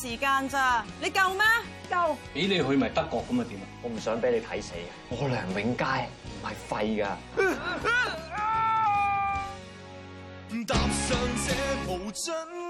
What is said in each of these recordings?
時間咋？你夠咩？夠？俾你去咪德國咁咪點啊？我唔想俾你睇死嘅。我梁永佳唔係廢㗎。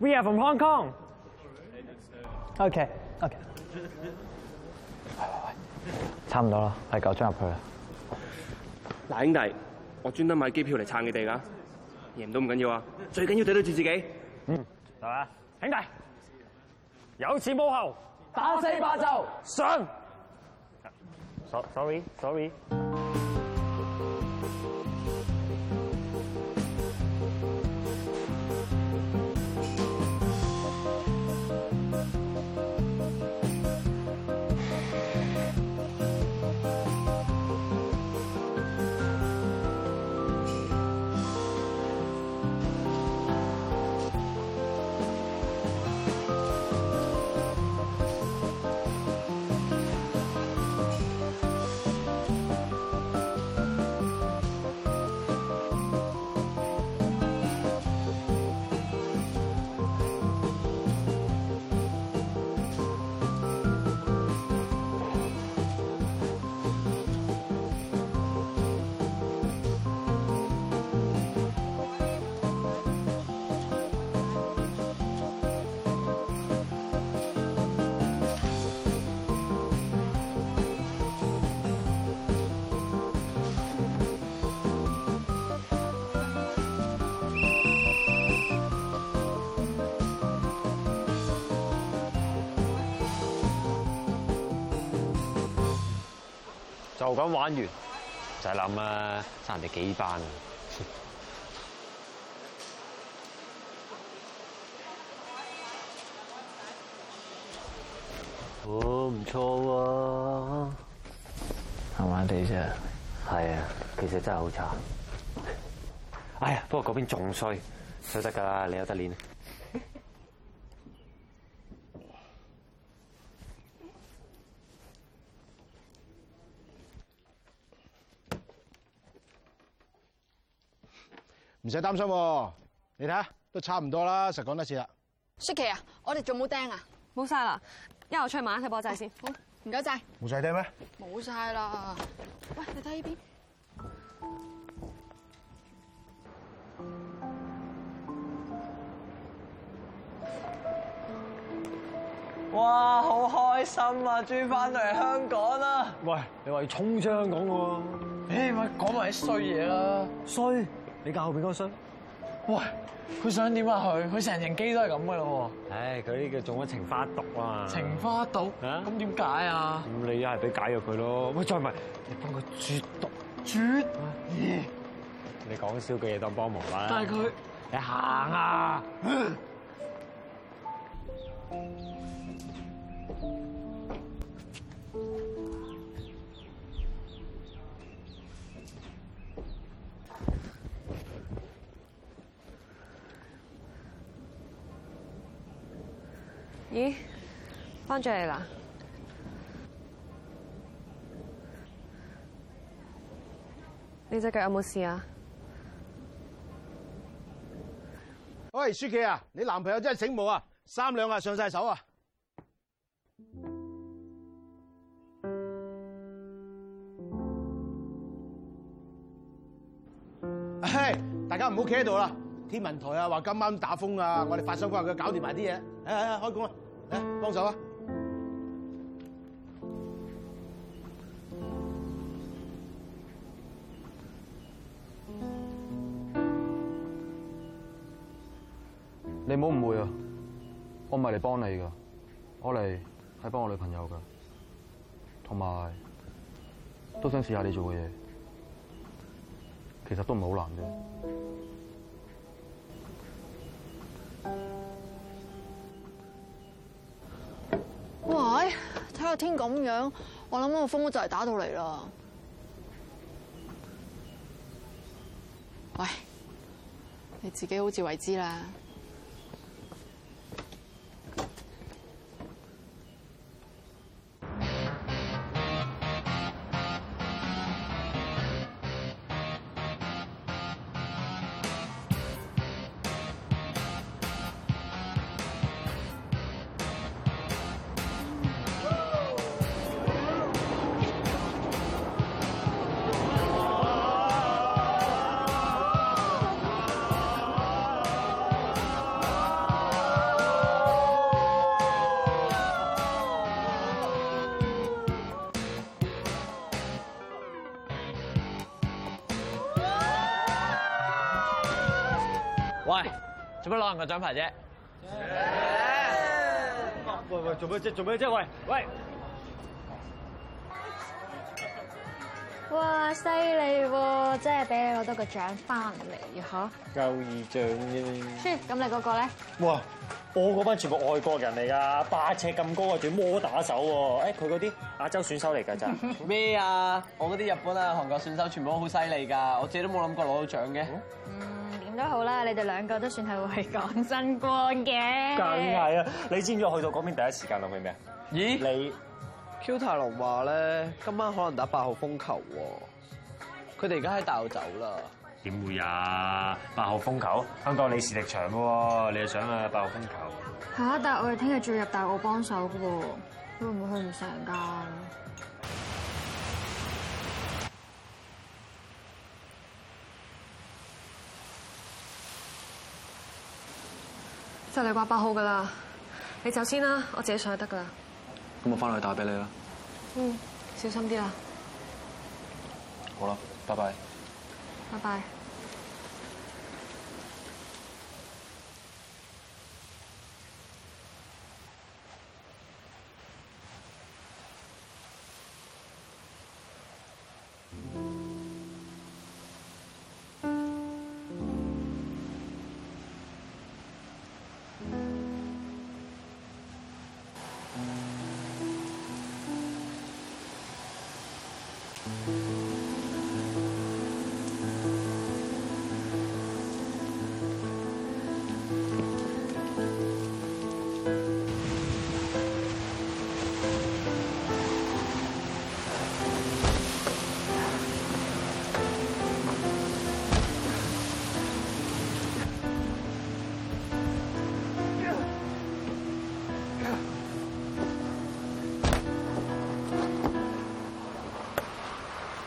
We are from Hong Kong. Okay. Okay. 喂喂喂，差唔多啦，係九張入去啦。嗱，兄弟，我專登買機票嚟撐你哋噶，贏都唔緊要啊，最緊要對得住自己。嗯，係嘛，兄弟，有錢冇後，打死霸就上。Sorry, sorry. 就咁玩完，就唔使諗啦！差人哋幾班，哦，唔錯喎，麻麻地啫，係呀，其實真係好差。哎呀，不過嗰邊仲衰，衰得㗎，你有得練。唔使擔心，你睇下都差唔多啦，實講得切啦。雪琪啊，我哋仲冇釘啊，冇晒啦，一後我出去買睇波仔先好，好唔該晒。冇晒釘咩？冇晒啦。喂，你睇呢邊。哇，好開心啊！轉翻到嚟香港啦。喂、欸，你話要衝上香港你誒咪講埋啲衰嘢啦。衰。你教後邊嗰箱？喂，佢想點啊？佢佢成成機都係咁嘅咯。唉，佢呢個中咗情花毒啊！情花毒，咁點解啊？咁你一係俾解藥佢咯，喂，再唔係你幫佢絕毒絕。咦、啊，你講笑嘅嘢當幫忙啦。但係佢，你行啊，啊！咦，翻咗嚟啦？你隻腳有冇事啊？喂，雪琪啊，你男朋友真係醒目啊，三兩下、啊、上晒手啊！嘿、哎、大家唔好企喺度啦天文台啊，話今晚打風啊！我哋發生工，佢搞掂埋啲嘢。哎哎，開工啦！嚟，幫手啊！你唔好誤會啊，我唔係嚟幫你㗎，我嚟係幫我女朋友㗎，同埋都想試下你做嘅嘢，其實都唔係好難啫。喂，睇到天咁樣，我諗個風都就嚟打到嚟啦。喂，你自己好自為之啦。做乜攞人個獎牌啫，啊？喂喂，做咩啫？做咩啫？喂喂！哇，犀利喎，真係俾你攞到個獎翻嚟吓！夠二象！啫，啊。咁，啊、你嗰個咧？哇，我嗰班全部外國人嚟噶，八尺咁高仲要摩打手喎。誒、哎，佢嗰啲亞洲選手嚟噶咋？咩 啊？我嗰啲日本啊、韓國選手全部都好犀利噶，我自己都冇諗過攞到獎嘅。嗯嗯都好啦，你哋兩個都算係為港爭光嘅，梗係啊！你知唔知我去到嗰邊第一時間諗起咩啊？咦？你 Q 太郎話咧，今晚可能打八號風球喎。佢哋而家喺大澳走啦。點會啊？八號風球，香港你視力強嘅喎，你又想啊八號風球嚇？但係我哋聽日仲要入大澳幫手嘅喎，會唔會去唔成㗎？就嚟掛八號噶啦，你先走先啦，我自己上去得噶啦。咁我返嚟打俾你啦。嗯，小心啲啦。好啦，拜拜。拜拜。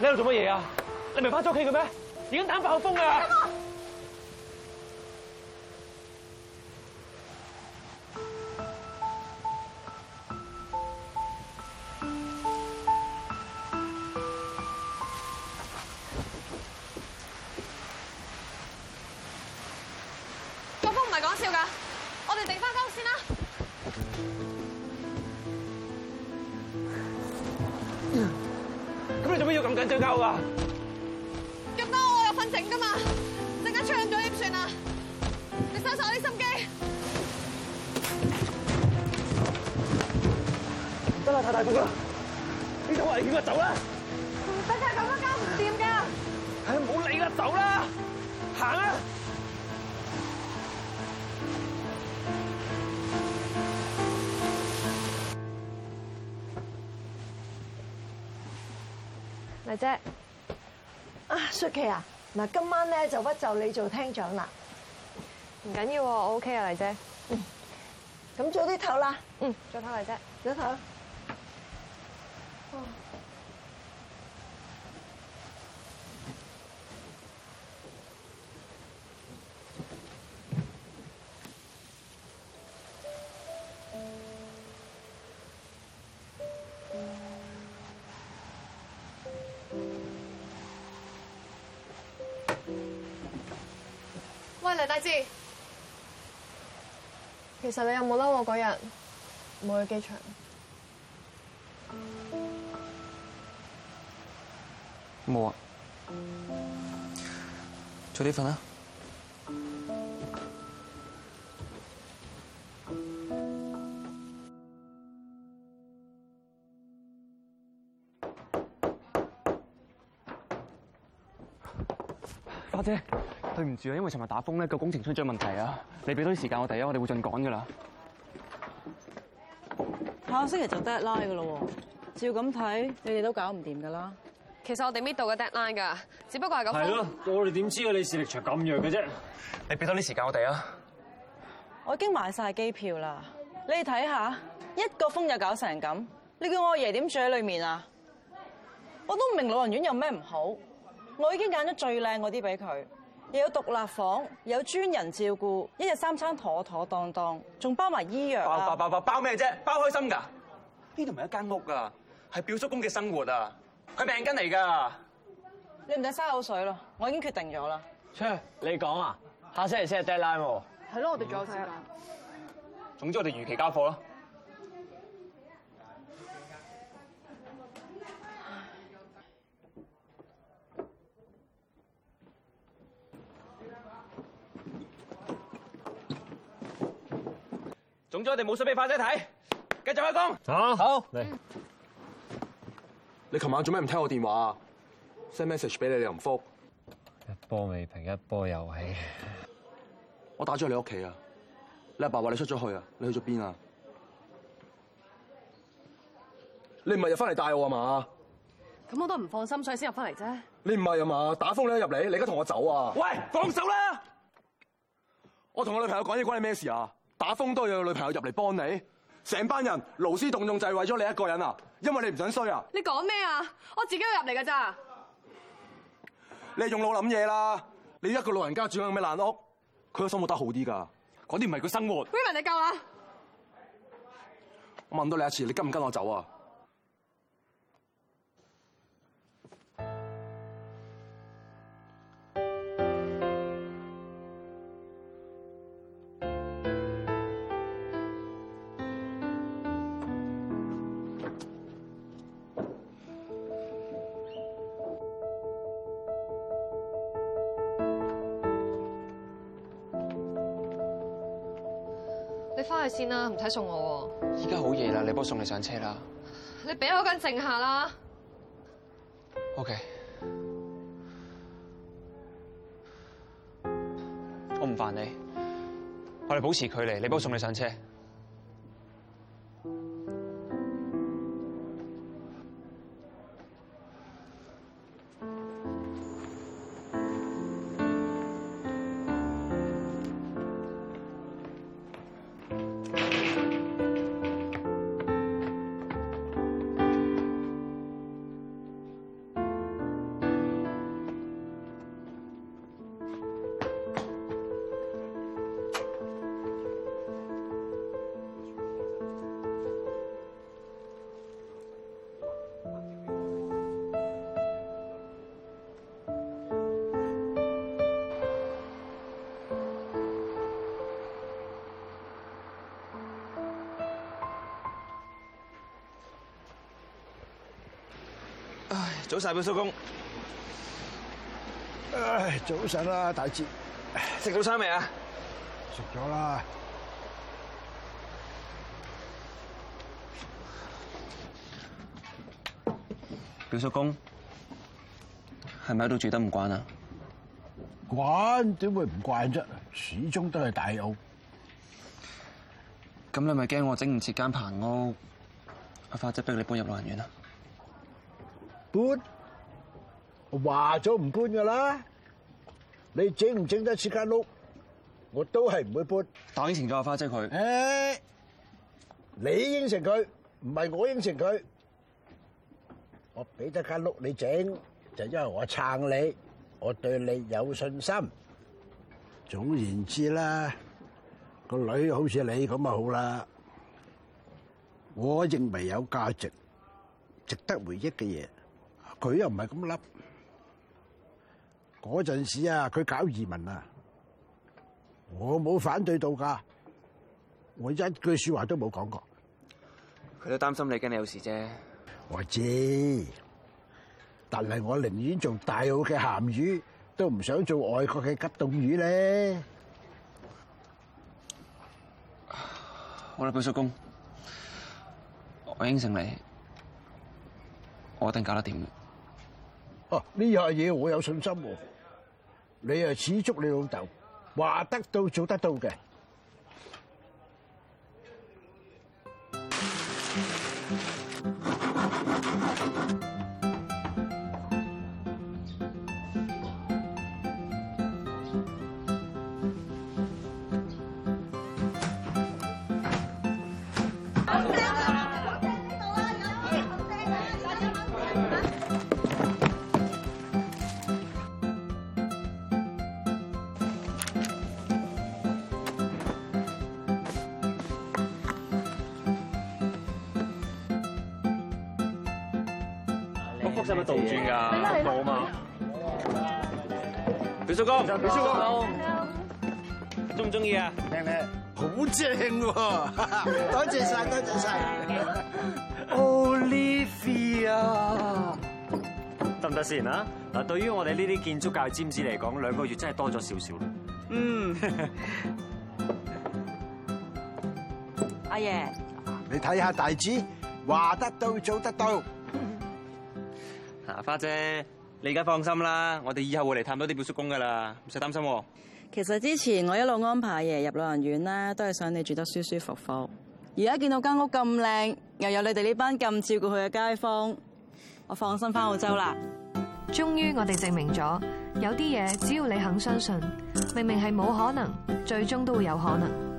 喺度做乜嘢啊？你唔係翻咗屋企嘅咩？已經打暴風啦！你做咩要咁緊張交噶？咁多我有份整噶嘛？陣間唱咗點算啊？你收晒我啲心機，得啦，太大步啦，你走話你叫佢走啦。唔使再咁樣，唔掂噶。係，冇理啦，走啦，行啦。麗姐，啊，雪琪啊，嗱，今晚咧就不就你做廳長啦，唔緊要，我 OK 啊，麗姐，嗯嗯、姐，嗯，咁早啲唞啦，嗯，早唞，麗姐，早唞。喂，黎大志，其實你有冇嬲我嗰日冇去機場？冇啊，早啲瞓啦，花姐。對唔住啊，因為尋日打風咧個工程出咗問題啊！你俾多啲時間我哋啊，我哋會盡趕噶啦。下個星期就 deadline 噶啦喎，照咁睇你哋都搞唔掂噶啦。其實我哋 meet 到個 deadline 噶，只不過係咁。係咯，我哋點知啊？你視力長咁弱嘅啫！你俾多啲時間我哋啊！我已經買晒機票啦，你哋睇下，一個風就搞成咁，你叫我阿爺點住喺裡面啊？我都唔明老人院有咩唔好，我已經揀咗最靚嗰啲俾佢。又有獨立房，有專人照顧，一日三餐妥妥當當，仲包埋醫藥啊。包包包包包咩啫？包開心㗎？呢度唔係一間屋㗎，係表叔公嘅生活啊！佢命根嚟㗎。你唔使嘥口水咯，我已經決定咗啦。切，你講啊？下星期先係 deadline 喎。係咯，我哋仲有時間，嗯。總之我哋如期交貨咯。講咗我哋冇水俾快姐睇，繼續開工。好，你琴晚做咩唔聽我電話啊？send message 俾你你又唔復？一波未平一波又起。我打咗去你屋企啊！你阿爸話你出咗去啊？你去咗邊啊？你唔係入翻嚟帶我啊嘛？咁我都唔放心，所以先入翻嚟啫。你唔係啊嘛？打風你都入嚟，你而家同我走啊？喂，放手啦！ 我同我女朋友講嘢關你咩事啊？打風都要有女朋友入嚟幫你，成班人勞師動眾就係為咗你一個人啊！因為你唔想衰啊！你講咩啊？我自己入嚟㗎咋？你係用腦諗嘢啦！你一個老人家住喺咩爛屋，佢嘅生活得好啲噶，嗰啲唔係佢生活。Raymond 你夠啊我，我問多你一次，你跟唔跟我走啊？先啦，唔使送我。依家好夜啦，你幫我送你上車啦。你俾我間靜下啦。OK，我唔煩你，我哋保持距離。你幫我送你上車。早晨表叔公，唉早晨啦大志。食早餐未啊？食咗啦。表叔公係咪都住得唔慣啊？慣點會唔慣啫？始終都係大屋。咁你咪驚我整唔切間棚屋？阿花姐逼你搬入老人院啊。搬，話咗唔搬噶啦。你整唔整得起間屋，我都係唔會搬，當應承咗我花姐佢。你應承佢，唔係我應承佢。我俾得間屋你整，就因為我撐你，我對你有信心。總言之啦，個女好似你咁啊好啦，我認為有價值，值得回憶嘅嘢。佢又唔係咁笠。嗰陣時啊，佢搞移民啊，我冇反對到噶，我一句說話都冇講過。佢都擔心你，驚你有事啫。我知，但係我寧願做大澳嘅鹹魚，都唔想做外國嘅急凍魚咧。好啦，表叔公，我應承你，我一定搞得掂。哦、啊，呢下嘢我有信心喎，啊，你啊始足你老豆話得到做得到嘅。叔公，中唔中意啊？靚靚，好正喎、哦！多 謝晒，多謝晒。Olivia，得唔得先啊？嗱，對於我哋呢啲建築界尖子嚟講，兩個月真係多咗少少。嗯。 Sign up. 阿爺，你睇下大志，話得到，做得到。嗱，花姐。你而家放心啦，我哋以後會嚟探多啲表叔公噶啦，唔使擔心哦。其實之前我一路安排嘢入老人院啦，都係想你住得舒舒服服。而家見到間屋咁靚，又有你哋呢班咁照顧佢嘅街坊，我放心翻澳洲啦。終於我哋證明咗，有啲嘢只要你肯相信，明明係冇可能，最終都會有可能。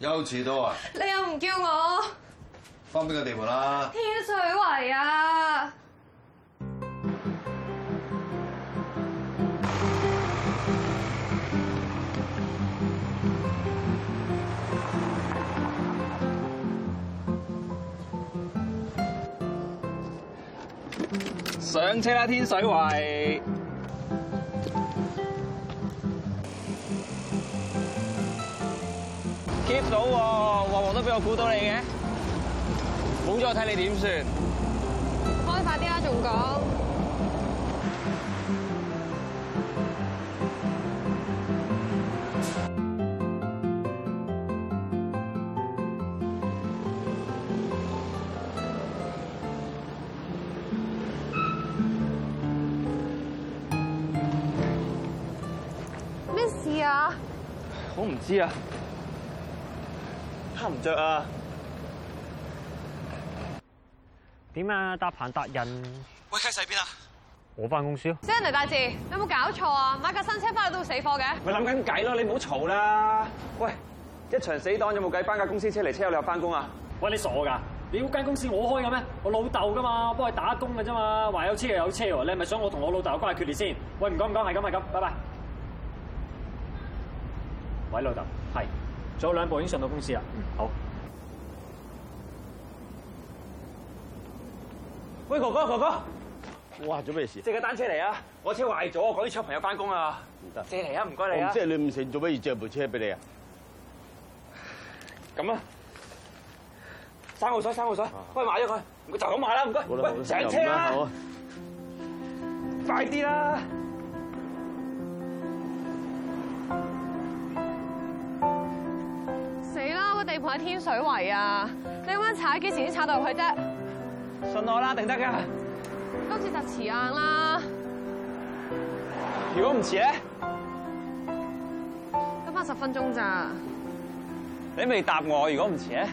又遲到啊！你又唔叫我，返邊個地方啦？天水圍啊！上車啦，天水圍。早，旺旺都俾我估到你嘅，好咗睇你點算？開快啲啦，仲講咩事啊？我唔知啊。差唔着啊！點啊？搭棚達人？喂，喺晒邊啊？我翻公司咯。新嚟大志，有冇搞錯啊？買架新車翻嚟都會死火嘅？咪諗緊計咯，你唔好嘈啦。喂，一場死黨有冇計，翻架公司車嚟，車有你又翻工啊？喂，你傻噶？你估，間公司我開嘅咩？我老豆噶嘛，幫佢打工嘅啫嘛。話有車又有，有車，你係咪想我同我老豆關係決裂先？喂，唔講唔講，係咁係咁，拜拜。喂，老豆，係。做兩步已經上到公司啊！嗯，好。喂，哥哥，哥哥，哇，做咩事？借架單車嚟啊！我車壞咗，趕啲出朋友翻工啊！唔得，借嚟啊！唔該你啊！我唔借你唔成，做咩要借部車俾你啊？咁啊，三號水，三號水，喂，買咗佢，就咁買啦，唔該。喂，上車啊！快啲啦！天水圍啊，你咁踩幾時先踩到入去啫？信我啦，定得噶。今次就遲硬啦。如果唔遲咧？得翻十分鐘咋？你未答我，如果唔遲咧？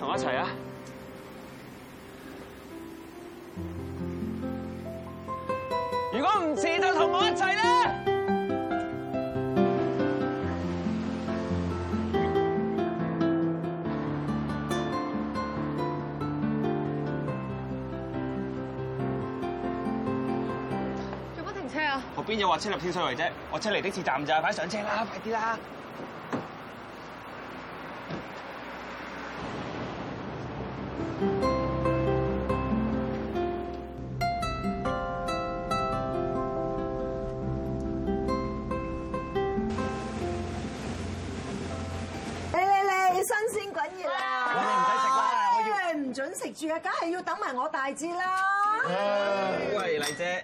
同我一齊啊！如果唔遲就同我一齊啦！又有話車入天水圍啫，我車嚟的士站就快上，上車啦，快啲啦！嚟嚟嚟，新鮮滾熱啦！我你唔准食住啊，梗係要等埋我大志啦！喂，麗姐。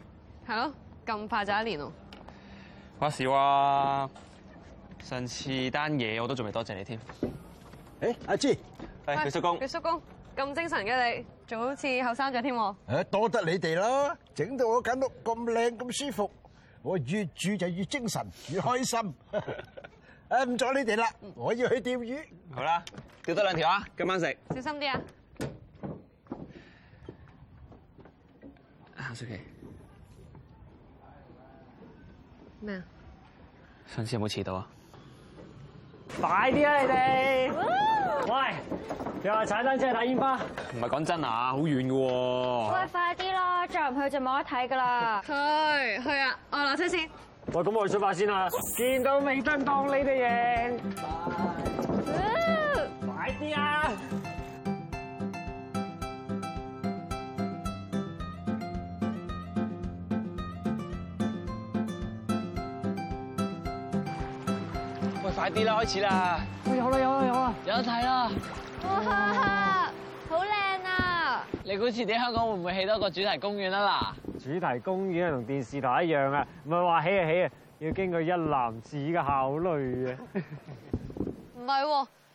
係咯，咁快就一年咯。話時話，上次單嘢我都仲未多謝你添。誒，阿志，係佢叔公。佢叔公咁精神嘅，你仲好似後生咗添。誒，多得你哋啦，整到我間屋咁靚咁舒服，我越住就越精神越開心。誒，唔阻你哋啦，我要去釣魚。好啦，釣多兩條啊，今晚食。小心啲啊！阿叔。咩啊？上次有冇遲到啊？快啲啊你哋！喂，又話踩單車睇煙花？唔係講真啊，好遠噶喎！喂，快啲啦，再唔去就冇得睇噶啦！去，去啊！哦，留車先。喂，咁我去出發先啦。 見到尾燈當你哋贏。快！快啲啊！快啲啦，開始啦！有啦，有啦，有啦，有得睇啦！哇，哈哈，好靚啊！你估遲啲香港會唔會起多個主題公園啊？嗱，主題公園同電視台一樣啊，唔係話起呀起啊，要經過一籃子嘅考慮呀！唔係，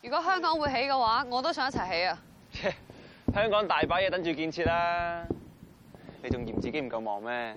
如果香港會起嘅話，我都想一齊起啊！香港大把嘢等住建設啦，你仲嫌自己唔夠忙咩？